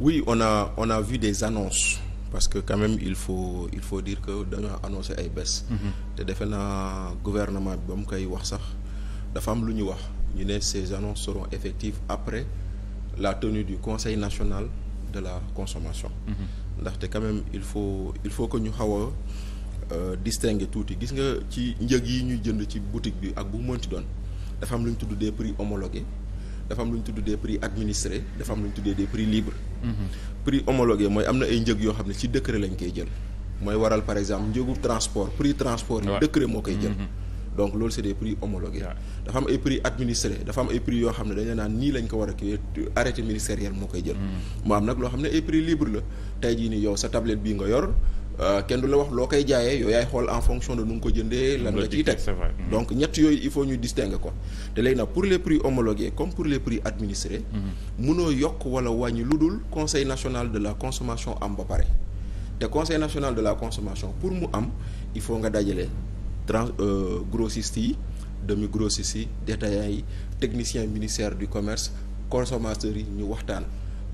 oui on a on a vu des annonces parce que quand même il faut il faut dire que dañoo annoncé ay baisse mhm. te defe naa gouvernement bi ba mu koy wax sax dafa am lu ñu wax ñu ne ces annonces seront effectives après la tenue du conseil national de la consomation mhm. ndaxte mm -hmm. il faut il faut que ñu xaw a euh, distinguer tuuti gis nga ci njëg yi ñuy jënd ci boutique bi ak bu mënti doon dafa am lu ñu tudd des prix homologués dafa am lu ñu tudd des prix administrés dafa am lu ñu tuddee des prix libres. Mhm. prix homologué mooy am na ay njëg yoo xam ne ci décret lañ koy jël. mooy waral par exemple njëgu transport prix transport yi décret moo koy jël. Mhm. donc loolu c'est des prix homologués dafa am ay prix administrés dafa am ay prix yoo xam ne dañu naan nii lañ ko war a kiiwee arrêté ministériel moo koy jël. moo mhm. am nag loo xam ne ay prix libre la tey jii ni yow sa tablette bii nga yor. Euh, kenn du la wax loo koy jaayee yow yaay xool en fonction de nu nga ko jëndee lan nga ciy teg mm. donc ñett yooyu il faut ñu distinguer ko te léegi nag pour les prix homologués comme pour les prix administrés mënoo mm-hmm. yokk wala wàññi lu dul conseil national de la consommation am ba pare te conseil national de la consommation pour mu am il faut nga dajale trans euh, grossistes yi demi grossistes yi détaillants yi technicien ministère du commerce consommateurs yi ñu waxtaan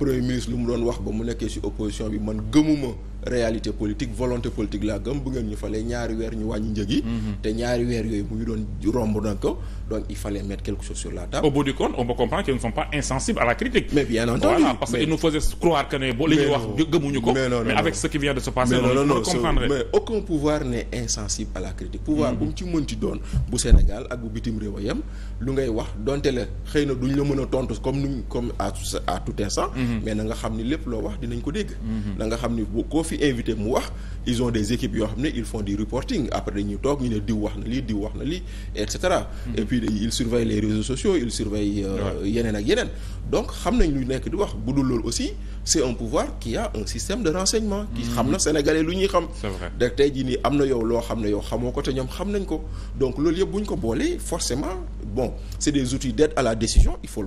premier ministre lu mu doon wax ba mu nekkee ci opposition bi man gëmuma réalité politique volonté politique laa gëm bu ñu falee ñaari weer ñu wàññi njëg mhm. te ñaari weer yooyu mu ngi doon romb na ko donc il fallait mettre quelque chose sur la table. au bout du compte on peut aucun pouvoir n'est insensible à la critique. pouvoir mhm. bu mu ci mënti doon bu Sénégal ak bu bitim réew a yem lu ngay wax donte la xëy na duñ la mën a tontu comme ni comme à à tout instant. Mhm. mais na xam ni lépp loo wax dinañ ko dégg. na xam ni bu fi invité mu wax ils ont des équipes yoo xam ne ils font du reporting après dañuy toog ñu ne diw wax na lii diw wax na lii et cetera. Mm-hmm. et puis ils surveillent les réseaux sociaux ils surveillent euh, yeneen ak yeneen donc xam nañ lu nekk di wax bu dul loolu aussi c'est un pouvoir qui a un système de renseignement qui mm-hmm. xam na sénégalais lu ñuy xam da tey jii nii am na yow loo xam ne yow xamoo ko te ñoom xam nañ ko donc loolu yëpp bu ñu ko boolee forcément bon c'est des outils d'aide la décision il faut